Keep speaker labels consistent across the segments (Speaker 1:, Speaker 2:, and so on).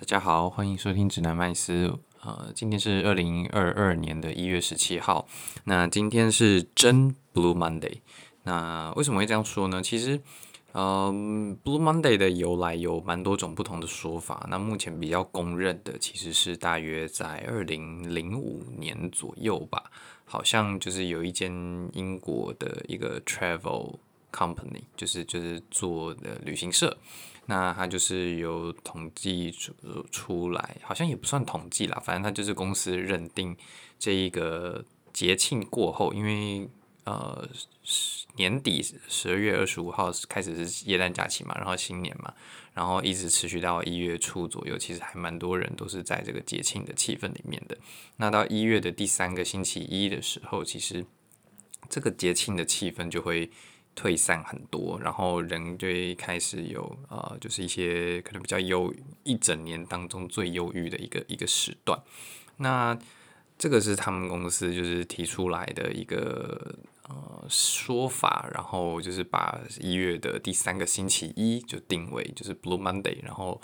Speaker 1: 大家好，歡迎收聽指南麥斯。呃，今天是二零二二年的一月十七號。那今天是真 Blue Monday。那為什麼會這樣說呢？其實，嗯，呃，Blue Monday 的由來有蠻多種不同的說法。那目前比較公認的其實是大約在二零零五年左右吧。好像就是有一間英國的一個 travel company，就是就是做的旅行社。那他就是有統計出出來，好像也不算統計啦，反正他就是公司認定這一個節慶過後，因為呃年底十二月二十五號開始是耶誕假期嘛，然後新年嘛，然後一直持續到一月初左右，其實還蠻多人都是在這個節慶的氣氛裡面的。那到一月的第三個星期一的時候，其實這個節慶的氣氛就會。退散很多，然後人就開始有呃，就是一些可能比較憂鬱，一整年當中最憂鬱的一個一個時段。那這個是他們公司就是提出來的一個呃說法，然後就是把一月的第三個星期一就定為就是 Blue Monday，然後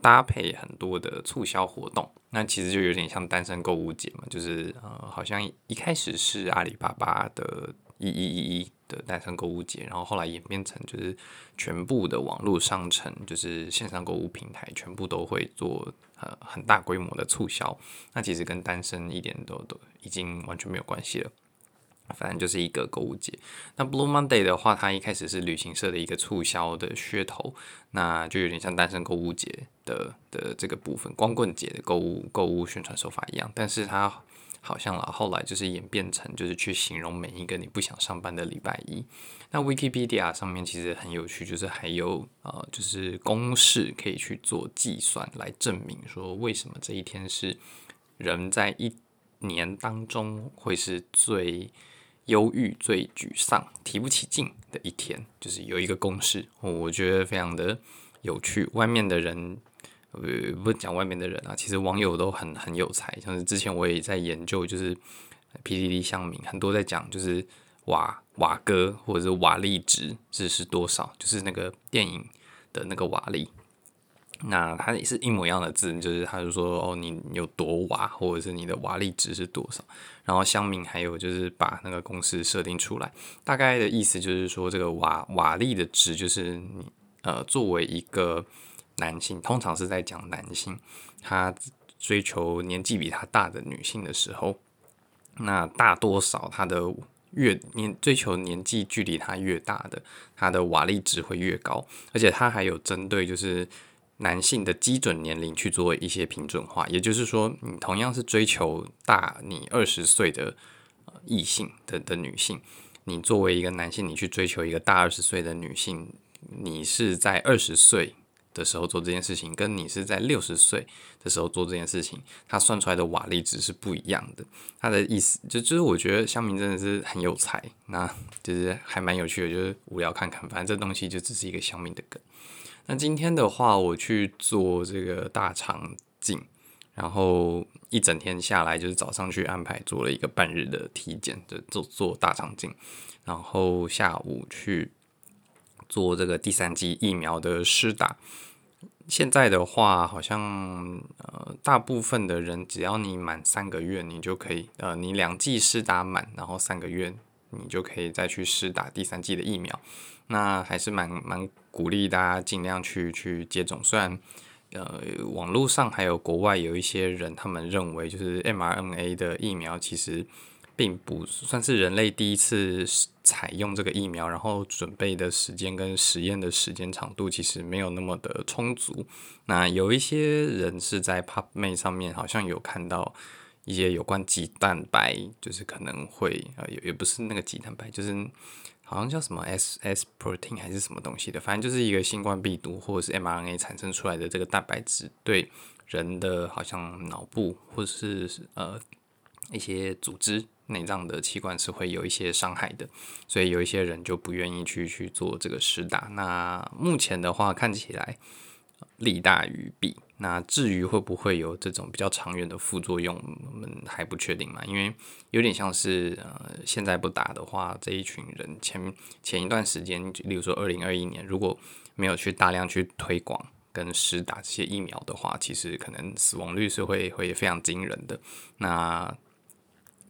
Speaker 1: 搭配很多的促銷活動。那其實就有點像單身購物節嘛，就是呃，好像一,一開始是阿里巴巴的。一一一一的單身購物節，然後後來演變成就是，全部的網絡商城，就是線上購物平台，全部都會做呃很大規模的促銷。那其實跟單身一點都都已經完全沒有關係了，反正就是一個購物節。那 Blue Monday 的話，它一開始是旅行社的一個促銷的噱頭，那就有點像單身購物節的的這個部分，光棍節的購物購物宣傳手法一樣，但是它。好像啦，後來就是演變成，就是去形容每一個你不想上班的禮拜一。那 Wikipedia 上面其實很有趣，就是還有呃，就是公式可以去做計算來證明說，為什麼這一天是人在一年當中會是最憂鬱、最沮喪、提不起勁的一天。就是有一個公式，我覺得非常的有趣，外面的人。呃，不講外面的人啊，其實網友都很很有才。像是之前我也在研究，就是 PDD 鄉民很多在講，就是瓦瓦格或者是瓦力值是是多少，就是那個電影的那個瓦力。那他也是一模一樣的字，就是他就說哦，你有多瓦，或者是你的瓦力值是多少。然後鄉民還有就是把那個公式設定出來，大概的意思就是說這個瓦瓦力的值就是你呃作為一個，男性通常是在講男性，他追求年紀比他大的女性的時候，那大多少，他的越年追求年紀距離他越大的，他的瓦力值會越高。而且他還有針對就是男性的基準年齡去做一些平準化，也就是說，你同樣是追求大你二十歲的，呃，異性的的女性，你作為一個男性，你去追求一個大二十歲的女性，你是在二十歲。的時候做這件事情，跟你是在六十歲的時候做這件事情，他算出來的瓦力值是不一樣的。他的意思就就是我覺得鄉民真的是很有才，那就是還蠻有趣的，就是無聊看看，反正這東西就只是一個鄉民的梗。那今天的話，我去做這個大腸鏡，然後一整天下來就是早上去安排做了一個半日的體檢，就做做大腸鏡，然後下午去做這個第三劑疫苗的施打。現在的話，好像呃，大部分的人只要你滿三個月，你就可以呃，你兩劑施打滿，然後三個月你就可以再去施打第三劑的疫苗，那還是蠻蠻鼓勵大家儘量去去接種。雖然呃，網絡上還有國外有一些人，他們認為就是 m R N A 的疫苗其實。並不算是人類第一次採用這個疫苗，然後準備的時間跟實驗的時間長度其實沒有那麼的充足。那有一些人是在 PubMed 上面好像有看到一些有關雞蛋白，就是可能會呃，也也不是那個雞蛋白，就是好像叫什麼 S S protein 還是什麼東西的，反正就是一個新冠病毒或者是 mRNA 產生出來的這個蛋白質對人的好像腦部或者是呃，一些組織。內臟的器官是會有一些傷害的，所以有一些人就不願意去去做這個施打。那目前的話看起來利大於弊。那至於會不會有這種比較長遠的副作用，我們還不確定嘛。因為有點像是呃，現在不打的話，這一群人前前一段時間，例如說二零二一年，如果沒有去大量去推廣跟施打這些疫苗的話，其實可能死亡率是會會非常驚人的。那。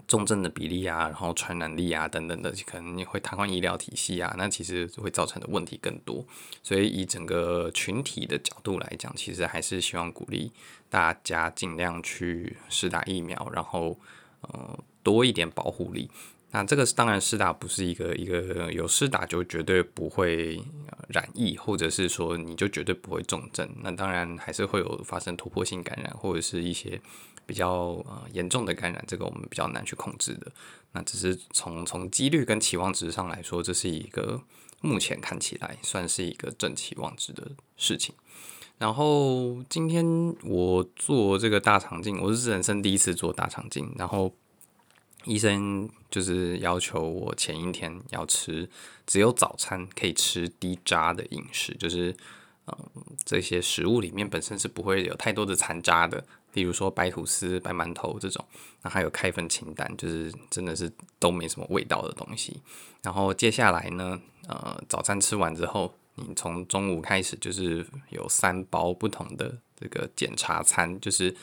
Speaker 1: 重症的比例啊，然後傳染力啊，等等的，可能你會癱瘓醫療體系啊，那其實會造成的問題更多。所以以整個群體的角度來講，其實還是希望鼓勵大家盡量去施打疫苗，然後呃多一點保護力。那這個當然施打不是一個一個有施打就絕對不會染疫，或者是說你就絕對不會重症。那當然還是會有發生突破性感染或者是一些。比較呃嚴重的感染，這個我們比較難去控制的。那只是從從幾率跟期望值上來說，這是一個目前看起來算是一個正期望值的事情。然後今天我做這個大腸鏡，我是人生第一次做大腸鏡。然後醫生就是要求我前一天要吃，只有早餐可以吃低渣的飲食，就是嗯，呃，這些食物裡面本身是不會有太多的殘渣的。比如說白吐司、白饅頭這種，那還有開粉清淡，就是真的是都沒什麼味道的東西。然後接下來呢，呃，早餐吃完之後，你從中午開始就是有三包不同的這個檢查餐，就是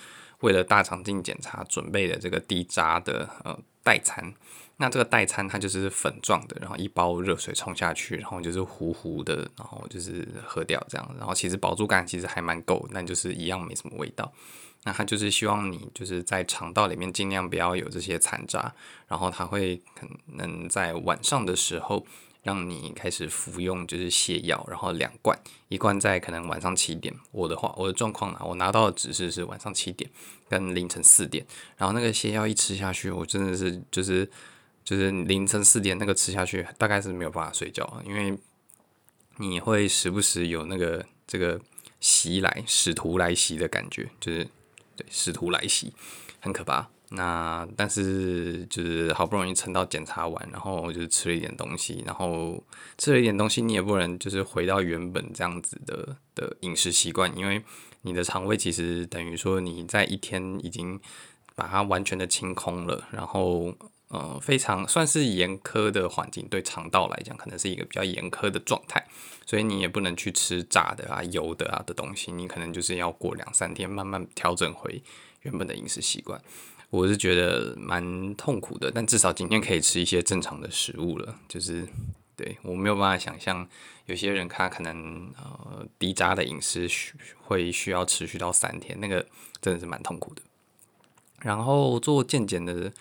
Speaker 1: 為了大腸鏡檢查準備的這個低渣的呃代餐。那這個代餐它就是粉狀的，然後一包熱水沖下去，然後就是糊糊的，然後就是喝掉這樣。然後其實飽足感其實還蠻夠，但就是一樣沒什麼味道。那他就是希望你就是在腸道裡面儘量不要有這些殘渣，然後他會可能在晚上的時候讓你開始服用就是瀉藥，然後兩罐，一罐在可能晚上七點，我的話我的狀況啊，我拿到的指示是晚上七點跟凌晨四點，然後那個瀉藥一吃下去，我真的是就是就是凌晨四點那個吃下去，大概是沒有辦法睡覺，因為你會時不時有那個這個襲來使徒來襲的感覺，就是。對，試圖來襲，很可怕。那但是就是好不容易撐到檢查完，然後就吃了一點東西，然後吃了一點東西，你也不能就是回到原本這樣子的的飲食習慣，因為你的腸胃其實等於說你在一天已經把它完全的清空了，然後。呃，非常算是嚴苛的環境，對腸道來講，可能是一個比較嚴苛的狀態，所以你也不能去吃炸的啊、油的啊的東西，你可能就是要過兩三天，慢慢調整回原本的飲食習慣。我是覺得蠻痛苦的，但至少今天可以吃一些正常的食物了，就是，對，我沒有辦法想象，有些人看他可能呃低渣的飲食會需要持續到三天，那個真的是蠻痛苦的。然後做健檢的。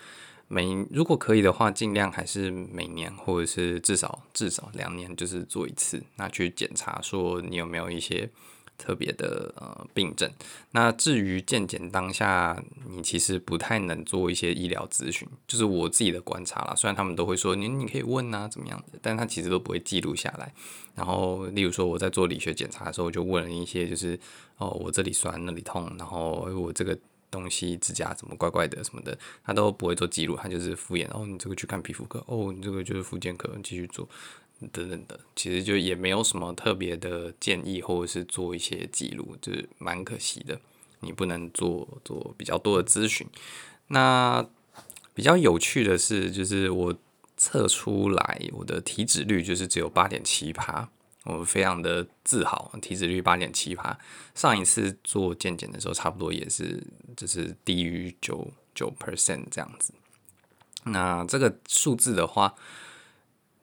Speaker 1: 每如果可以的話，盡量還是每年或者是至少至少兩年，就是做一次，那去檢查說你有沒有一些特別的呃病症。那至於健檢當下，你其實不太能做一些醫療諮詢，就是我自己的觀察啦。雖然他們都會說你你可以問啊，怎麼樣子，但他其實都不會記錄下來。然後例如說我在做理學檢查的時候，我就問了一些，就是哦我這裡酸那裡痛，然後我這個。東西指甲什麼怪怪的什麼的，他都不會做記錄，他就是敷衍。哦，你這個去看皮膚科，哦，你這個就是復健科，繼續做等等的，其實就也沒有什麼特別的建議或者是做一些記錄，就是蠻可惜的。你不能做做比較多的諮詢。那比較有趣的是，就是我測出來我的體脂率就是只有八點七趴。我非常的自豪，體脂率八點七趴。上一次做健檢的時候，差不多也是就是低於九九 percent 這樣子。那這個數字的話，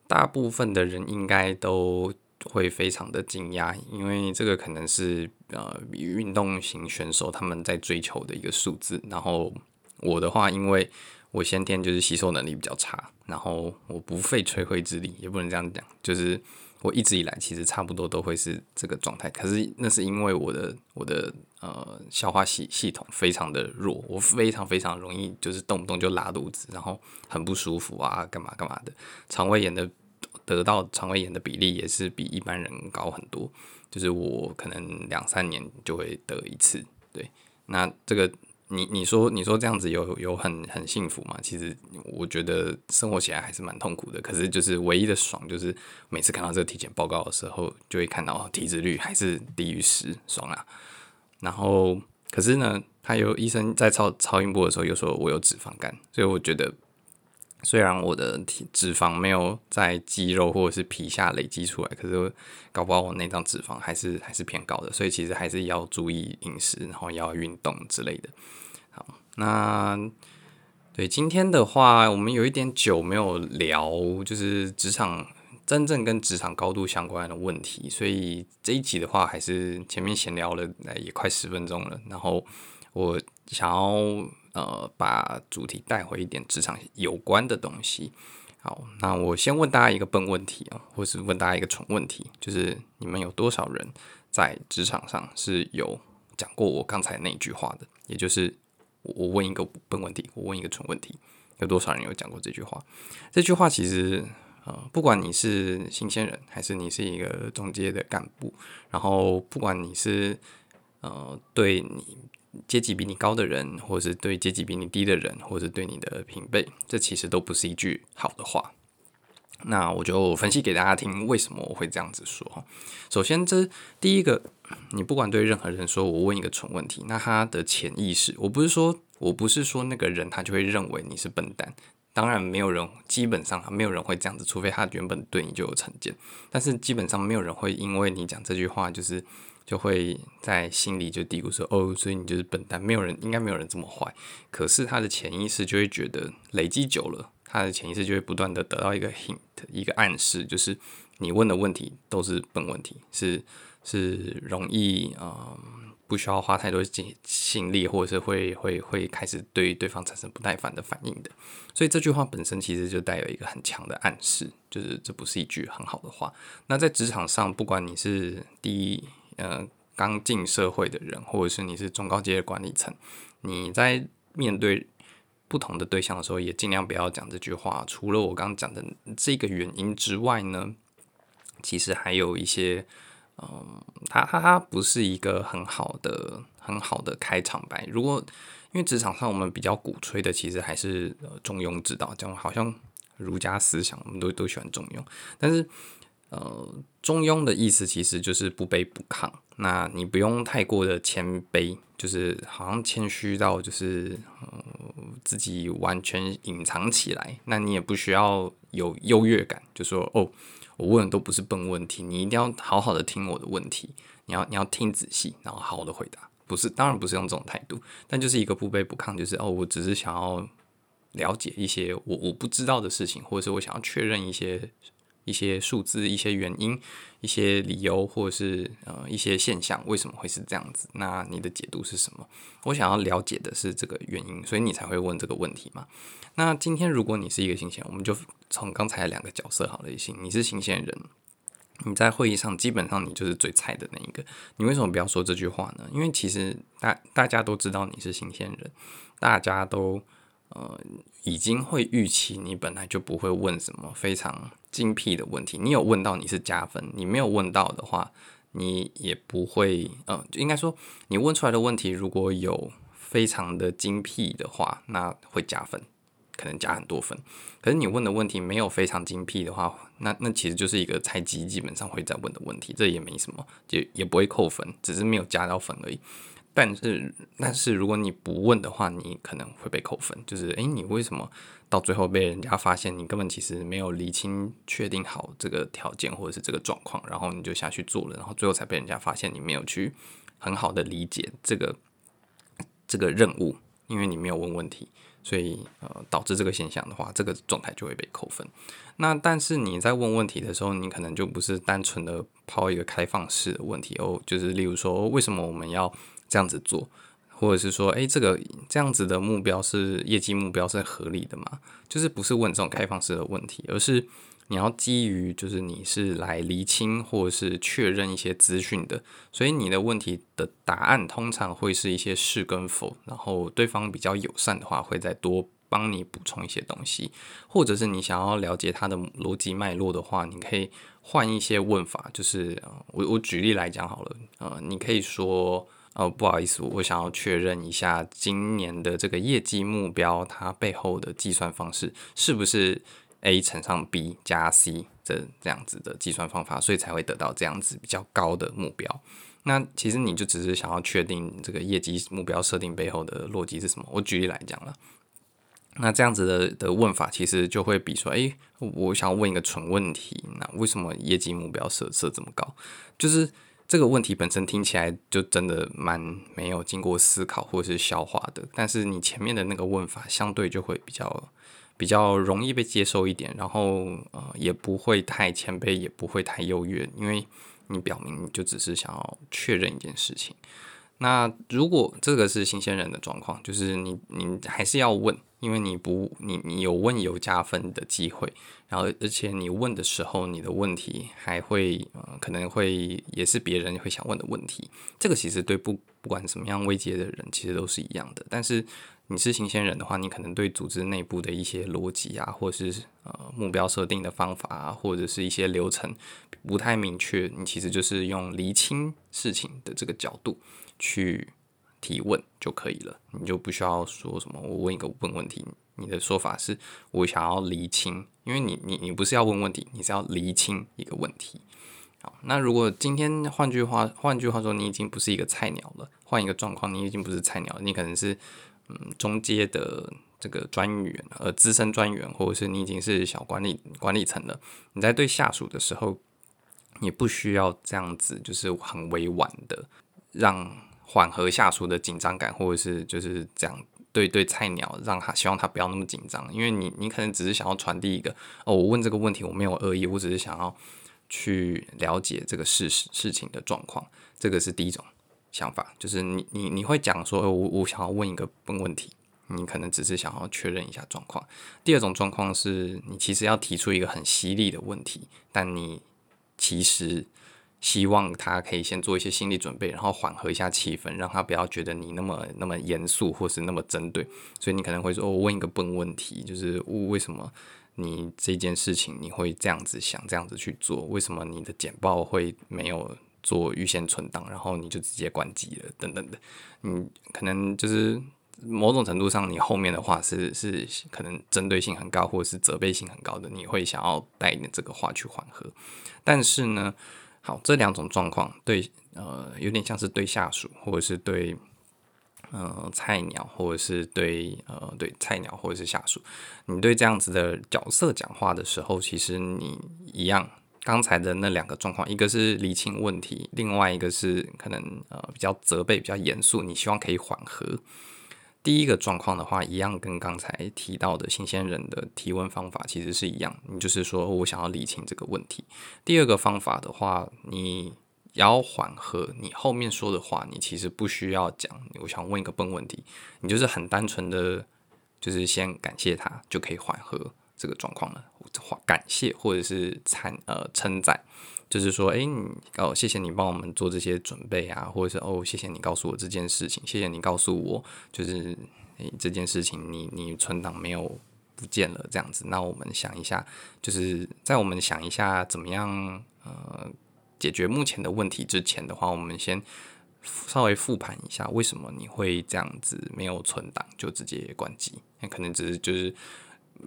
Speaker 1: 大部分的人應該都會非常的驚訝，因為這個可能是呃運動型選手他們在追求的一個數字。然後我的話，因為我先天就是吸收能力比較差，然後我不費吹灰之力，也不能這樣講，就是。我一直以來其實差不多都會是這個狀態，可是，那是因為我的我的呃消化系系統非常的弱，我非常非常容易就是動不動就拉肚子，然後很不舒服啊，幹嘛幹嘛的，腸胃炎的得到腸胃炎的比例也是比一般人高很多，就是我可能兩三年就會得一次。對，那這個。你你說你說這樣子有有很很幸福嗎？其實我覺得生活起來還是蠻痛苦的。可是就是唯一的爽，就是每次看到這個體檢報告的時候，就會看到體脂率還是低於十，爽啊！然後可是呢，還有醫生在超超，超音波的時候又說我有脂肪肝，所以我覺得。雖然我的體脂肪沒有在肌肉或者是皮下累積出來，可是搞不好我內臟脂肪還是還是偏高的，所以其實還是要注意飲食，然後要運動之類的。好，那，對，今天的話，我們有一點久沒有聊，就是職場真正跟職場高度相關的問題，所以這一集的話，還是前面閒聊了也快十分鐘了，然後我想要。呃，把主題帶回一點職場有關的東西。好，那我先問大家一個笨問題啊，或是問大家一個蠢問題，就是你們有多少人在職場上是有講過我剛才那一句話的？也就是我，我問一個笨問題，我問一個蠢問題，有多少人有講過這句話？這句話其實，呃，不管你是新鮮人，還是你是一個中階的幹部，然後不管你是，呃，對你。階級比你高的人，或者是對階級比你低的人，或者是對你的平輩，這其實都不是一句好的話。那我就分析給大家聽，為什麼我會這樣子說。首先，這第一個，你不管對任何人說，我問一個蠢問題，那他的潛意識，我不是說，我不是說那個人他就會認為你是笨蛋，當然沒有人，基本上沒有人會這樣子，除非他原本對你就有成見。但是基本上沒有人會因為你講這句話就是。就會在心裡就嘀咕說：“哦，所以你就是笨蛋，沒有人應該沒有人這麼壞。”可是他的潛意識就會覺得累積久了，他的潛意識就會不斷地得到一個 hint，一個暗示，就是你問的問題都是笨問題，是是容易嗯、呃，不需要花太多精力，或者是會會會開始對對方產生不耐煩的反應的。所以這句話本身其實就帶有一個很強的暗示，就是這不是一句很好的話。那在職場上，不管你是第一。呃，剛進社會的人，或者是你是中高階的管理層，你在面對不同的對象的時候，也盡量不要講這句話。除了我剛剛講的這個原因之外呢，其實還有一些，嗯、呃，它它它不是一個很好的很好的開場白。如果因為職場上我們比較鼓吹的，其實還是、呃、中庸之道，這樣好像儒家思想，我們都都喜歡中庸，但是。呃，中庸的意思其實就是不卑不亢。那你不用太過的謙卑，就是好像謙虛到就是、呃、自己完全隱藏起來。那你也不需要有優越感，就說哦，我問的都不是笨問題，你一定要好好的聽我的問題，你要你要聽仔細，然後好好的回答。不是，當然不是用這種態度，但就是一個不卑不亢，就是哦，我只是想要了解一些我我不知道的事情，或者是我想要確認一些。一些數字、一些原因、一些理由，或者是呃一些現象，為什麼會是這樣子？那你的解讀是什麼？我想要了解的是這個原因，所以你才會問這個問題嘛。那今天如果你是一個新鮮人，我們就從剛才兩個角色好了也行。你是新鮮人，你在會議上基本上你就是最菜的那一個。你為什麼不要說這句話呢？因為其實大大家都知道你是新鮮人，大家都。呃，已經會預期你本來就不會問什麼非常精闢的問題。你有問到你是加分，你沒有問到的話，你也不會。呃，就應該說你問出來的問題如果有非常的精闢的話，那會加分，可能加很多分。可是你問的問題沒有非常精闢的話，那那其實就是一個菜雞，基本上會在問的問題，這也沒什麼，也也不會扣分，只是沒有加到分而已。但是，但是如果你不問的話，你可能會被扣分。就是，欸，你為什麼到最後被人家發現你根本其實沒有理清、確定好這個條件或者是這個狀況，然後你就下去做了，然後最後才被人家發現你沒有去很好的理解這個這個任務，因為你沒有問問題，所以呃，導致這個現象的話，這個狀態就會被扣分。那但是你在問問題的時候，你可能就不是單純的拋一個開放式的問題哦，就是例如說，為什麼我們要？這樣子做，或者是說，誒、欸，這個這樣子的目標是業績目標是合理的嗎？就是不是問這種開放式的問題，而是你要基於就是你是來釐清或者是確認一些資訊的，所以你的問題的答案通常會是一些是跟否。然後對方比較友善的話，會再多幫你補充一些東西，或者是你想要了解他的邏輯脈絡的話，你可以換一些問法。就是我我舉例來講好了，呃，你可以說。哦，不好意思，我想要確認一下今年的這個業績目標，它背後的計算方式是不是 a 乘上 b 加 c 這這樣子的計算方法，所以才會得到這樣子比較高的目標。那其實你就只是想要確定這個業績目標設定背後的邏輯是什麼。我舉例來講了，那這樣子的的問法其實就會比說，哎、欸，我想問一個蠢問題，那為什麼業績目標設設這麼高？就是。這個問題本身聽起來就真的蠻沒有經過思考或者是消化的，但是你前面的那個問法相對就會比較比較容易被接受一點，然後呃也不會太謙卑，也不會太優越，因為你表明你就只是想要確認一件事情。那如果這個是新鮮人的狀況，就是你你還是要問。因為你不，你你有問有加分的機會，然後而且你問的時候，你的問題還會、呃，可能會也是別人會想問的問題。這個其實對不不管怎麼樣位階的人，其實都是一樣的。但是你是新鮮人的話，你可能對組織內部的一些邏輯啊，或是呃目標設定的方法啊，或者是一些流程不太明確。你其實就是用釐清事情的這個角度去。提問就可以了，你就不需要說什麼。我問一個問問題，你的說法是我想要釐清，因為你你你不是要問問題，你是要釐清一個問題。好，那如果今天換句話換句話說，你已經不是一個菜鳥了，換一個狀況，你已經不是菜鳥了，你可能是嗯中階的這個專員，呃，資深專員，或者是你已經是小管理管理層了。你在對下屬的時候，你不需要這樣子，就是很委婉的讓。緩和下屬的緊張感，或者是就是這樣，對對菜鳥，讓他希望他不要那麼緊張，因為你你可能只是想要傳遞一個哦，我問這個問題我沒有惡意，我只是想要去了解這個事實事情的狀況，這個是第一種想法，就是你你你會講說，哦、我我想要問一個笨問題，你可能只是想要確認一下狀況。第二種狀況是你其實要提出一個很犀利的問題，但你其實。希望他可以先做一些心理準備，然後緩和一下氣氛，讓他不要覺得你那麼那麼嚴肅，或是那麼針對。所以你可能會說：“哦，我問一個笨問題，就是，哦，為什麼你這件事情你會這樣子想，這樣子去做？為什麼你的簡報會沒有做預先存檔，然後你就直接關機了？等等的，嗯，可能就是某種程度上，你後面的話是是可能針對性很高，或者是責備性很高的，你會想要帶你這個話去緩和，但是呢，好，這兩種狀況對，呃，有點像是對下屬，或者是對，呃，菜鳥，或者是對，呃，對菜鳥或者是下屬，你對這樣子的角色講話的時候，其實你一樣，剛才的那兩個狀況，一個是釐清問題，另外一個是可能呃比較責備、比較嚴肅，你希望可以緩和。第一個狀況的話，一樣跟剛才提到的新鮮人的提問方法其實是一樣，你就是說我想要理清這個問題。第二個方法的話，你要緩和你後面說的話，你其實不需要講。我想問一個笨問題，你就是很單純的就是先感謝他，就可以緩和這個狀況了。感謝或者是稱，呃，稱讚。就是說，欸，你哦，謝謝你幫我們做這些準備啊，或者是哦，謝謝你告訴我這件事情，謝謝你告訴我，就是欸，這件事情你你存檔沒有不見了這樣子，那我們想一下，就是在我們想一下怎麼樣呃解決目前的問題之前的話，我們先稍微復盤一下為什麼你會這樣子沒有存檔就直接關機，那可能只是就是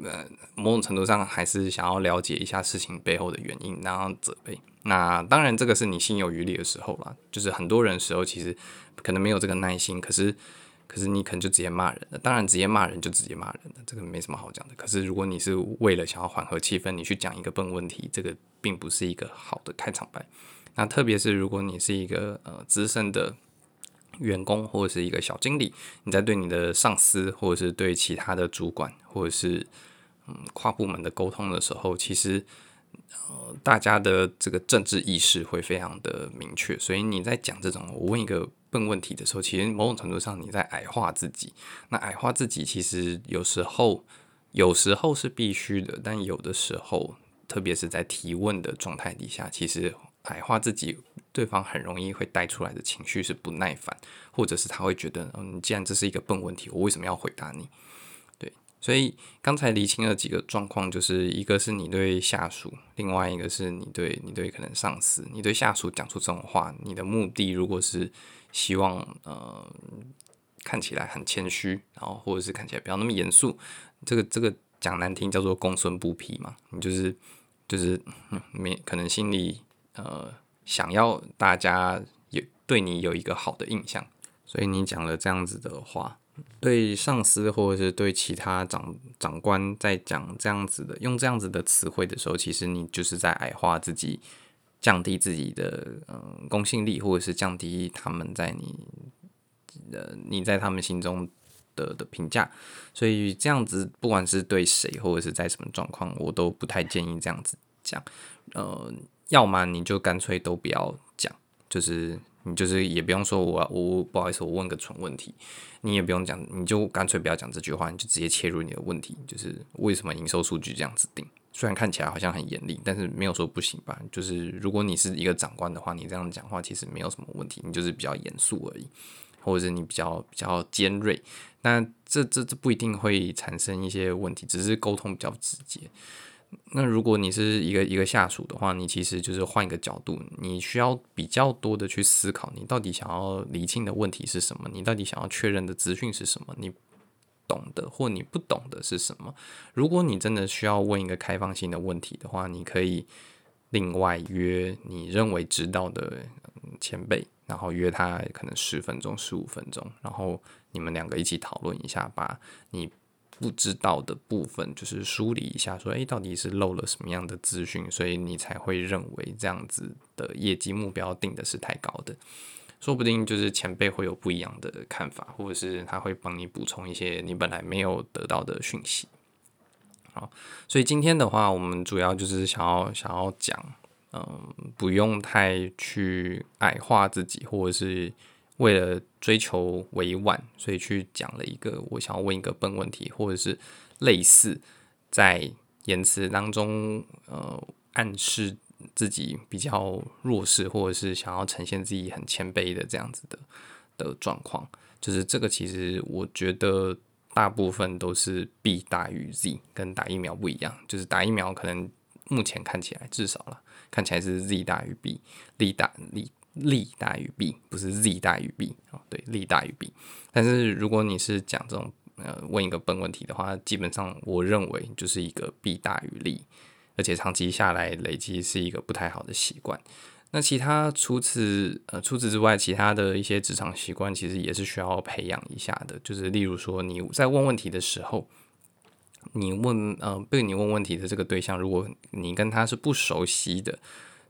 Speaker 1: 呃某種程度上還是想要了解一下事情背後的原因，然後責備。那當然，這個是你心有餘力的時候啦。就是很多人的時候，其實可能沒有這個耐心。可是，可是你可能就直接罵人了。當然，直接罵人就直接罵人了，這個沒什麼好講的。可是，如果你是為了想要緩和氣氛，你去講一個笨問題，這個並不是一個好的開場白。那特別是如果你是一個呃資深的員工，或者是一個小經理，你在對你的上司，或者是對其他的主管，或者是嗯跨部門的溝通的時候，其實。呃，然後大家的這個政治意識會非常的明確，所以你在講這種我問一個笨問題的時候，其實某種程度上你在矮化自己。那矮化自己其實有時候有時候是必須的，但有的時候，特別是在提問的狀態底下，其實矮化自己，對方很容易會帶出來的情緒是不耐煩，或者是他會覺得，嗯、呃，你既然這是一個笨問題，我為什麼要回答你？所以剛才釐清了幾個狀況，就是一個是你對下屬，另外一個是你對你對可能上司，你對下屬講出這種話，你的目的如果是希望呃，看起來很謙虛，然後或者是看起來不要那麼嚴肅，這個這個講難聽叫做“公孫不皮”嘛，你就是就是沒可能心裡呃，想要大家也對你有一個好的印象，所以你講了這樣子的話。對上司或者是對其他長長官在講這樣子的，用這樣子的詞彙的時候，其實你就是在矮化自己，降低自己的嗯公信力，或者是降低他們在你呃你在他們心中的的評價。所以這樣子，不管是對誰或者是在什麼狀況，我都不太建議這樣子講。嗯、呃，要麼你就乾脆都不要講，就是。你就是也不用說我，我我不好意思，我問個蠢問題，你也不用講，你就乾脆不要講這句話，你就直接切入你的問題，就是為什麼營收數據這樣子定？雖然看起來好像很嚴厲，但是沒有說不行吧？就是如果你是一個長官的話，你這樣講話其實沒有什麼問題，你就是比較嚴肅而已，或者是你比較比較尖銳，那這這這不一定會產生一些問題，只是溝通比較直接。那如果你是一個一個下屬的話，你其實就是換一個角度，你需要比較多的去思考，你到底想要理清的問題是什麼？你到底想要確認的資訊是什麼？你懂的或你不懂的是什麼？如果你真的需要問一個開放性的問題的話，你可以另外約你認為知道的前輩，然後約他可能十分鐘、十五分鐘，然後你們兩個一起討論一下吧。你。不知道的部分，就是梳理一下，說，誒、欸，到底是漏了什麼樣的資訊，所以你才會認為這樣子的業績目標定的是太高的。說不定就是前輩會有不一樣的看法，或者是他會幫你補充一些你本來沒有得到的訊息。好，所以今天的話，我們主要就是想要想要講，嗯，不用太去矮化自己，或者是。為了追求委婉，所以去講了一個我想要問一個笨問題，或者是類似在言辭當中呃暗示自己比較弱勢，或者是想要呈現自己很謙卑的這樣子的的狀況，就是這個其實我覺得大部分都是弊大於利，跟打疫苗不一樣，就是打疫苗可能目前看起來至少了看起來是利大於弊，利大利。利大於弊，不是利大於弊啊，對，利大於弊。但是如果你是講這種呃問一個笨問題的話，基本上我認為就是一個弊大於利，而且長期下來累積是一個不太好的習慣。那其他除此呃除此之外，其他的一些職場習慣其實也是需要培養一下的，就是例如說你在問問題的時候，你問呃被你問問題的這個對象，如果你跟他是不熟悉的。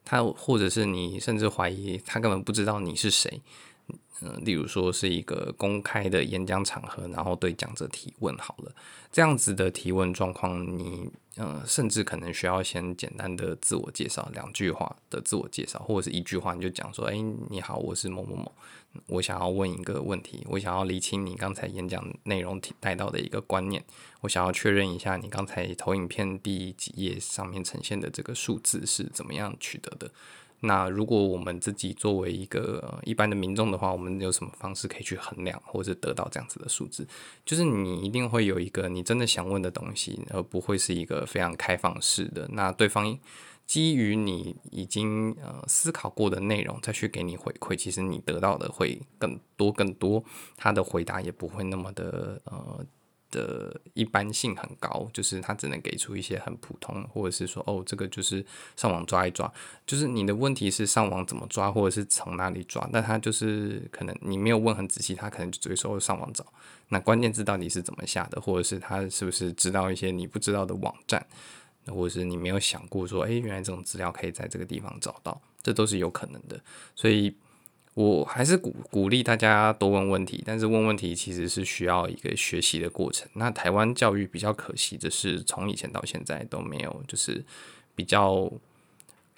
Speaker 1: 他或者是你，甚至懷疑他根本不知道你是誰。嗯、呃，例如說是一個公開的演講場合，然後對講者提問好了，這樣子的提問狀況，你呃，甚至可能需要先簡單的自我介紹兩句話的自我介紹，或者是一句話你就講說，哎、欸，你好，我是某某某，我想要問一個問題，我想要釐清你剛才演講內容提帶到的一個觀念，我想要確認一下你剛才投影片第幾頁上面呈現的這個數字是怎麼樣取得的。那如果我們自己作為一個、呃、一般的民眾的話，我們有什麼方式可以去衡量或者得到這樣子的數字？就是你一定會有一個你真的想問的東西，而不會是一個非常開放式的。那對方基於你已經呃思考過的內容再去給你回饋，其實你得到的會更多更多。他的回答也不會那麼的呃。的一般性很高，就是他只能給出一些很普通，或者是說哦，這個就是上網抓一抓，就是你的問題是上網怎麼抓，或者是從哪裡抓，那他就是可能你沒有問很仔細，他可能就直接說上網找。那關鍵字到底是怎麼下的，或者是他是不是知道一些你不知道的網站，或者是你沒有想過說，哎，原來這種資料可以在這個地方找到，這都是有可能的，所以。我還是鼓鼓勵大家多問問題，但是問問題其實是需要一個學習的過程。那台灣教育比較可惜，就是從以前到現在都沒有，就是比較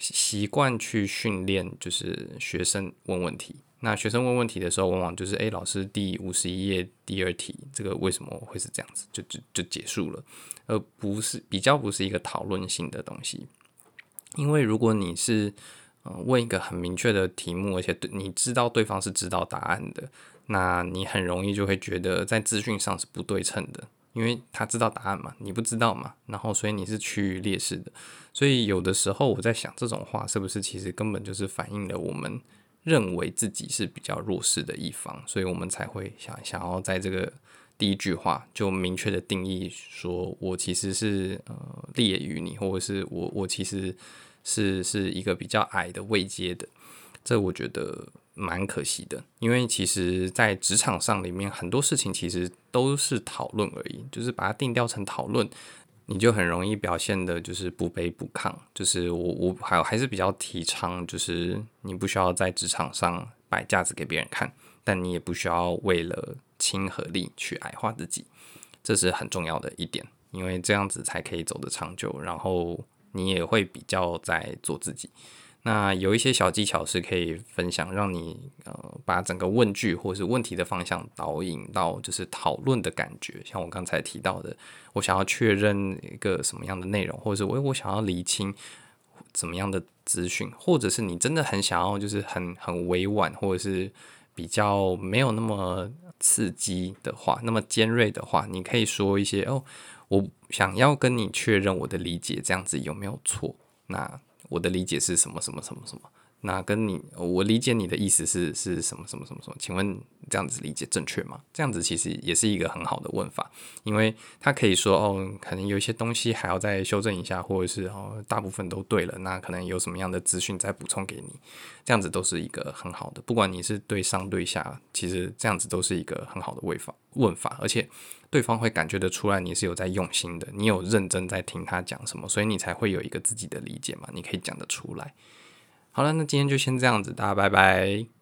Speaker 1: 習慣去訓練，就是學生問問題。那學生問問題的時候，往往就是哎、欸，老師第五十一頁第二題，這個為什麼會是這樣子？就就就結束了，而不是比較不是一個討論性的東西。因為如果你是問一個很明確的題目，而且對你知道對方是知道答案的，那你很容易就會覺得在資訊上是不對稱的，因為他知道答案嘛，你不知道嘛，然後所以你是趨於劣勢的。所以有的時候我在想，這種話是不是其實根本就是反映了我們認為自己是比較弱勢的一方，所以我們才會想想要在這個第一句話就明確的定義，說我其實是呃，劣於你，或者是我我其實。是是一個比較矮的位階的，這我覺得蠻可惜的，因為其實在職場上裡面很多事情其實都是討論而已，就是把它定調成討論，你就很容易表現的就是不卑不亢。就是我我還還是比較提倡，就是你不需要在職場上擺架子給別人看，但你也不需要為了親和力去矮化自己，這是很重要的一點，因為這樣子才可以走得長久。然後。你也會比較在做自己，那有一些小技巧是可以分享，讓你呃把整個問句或者是問題的方向導引到就是討論的感覺。像我剛才提到的，我想要確認一個什麼樣的內容，或者是我、欸、我想要釐清怎麼樣的資訊，或者是你真的很想要就是很很委婉，或者是比較沒有那麼刺激的話，那麼尖銳的話，你可以說一些哦。我想要跟你確認我的理解，這樣子有沒有錯？那我的理解是什麼？什麼？什麼？什麼？那跟你，我理解你的意思是是什麼什麼什麼什麼？請問這樣子理解正確嗎？這樣子其實也是一個很好的問法，因為他可以說哦，可能有一些東西還要再修正一下，或者是哦，大部分都對了。那可能有什麼樣的資訊再補充給你，這樣子都是一個很好的，不管你是對上對下，其實這樣子都是一個很好的問法。問法，而且對方會感覺得出來你是有在用心的，你有認真在聽他講什麼，所以你才會有一個自己的理解嘛，你可以講得出來。好了，那今天就先這樣子，大家拜拜。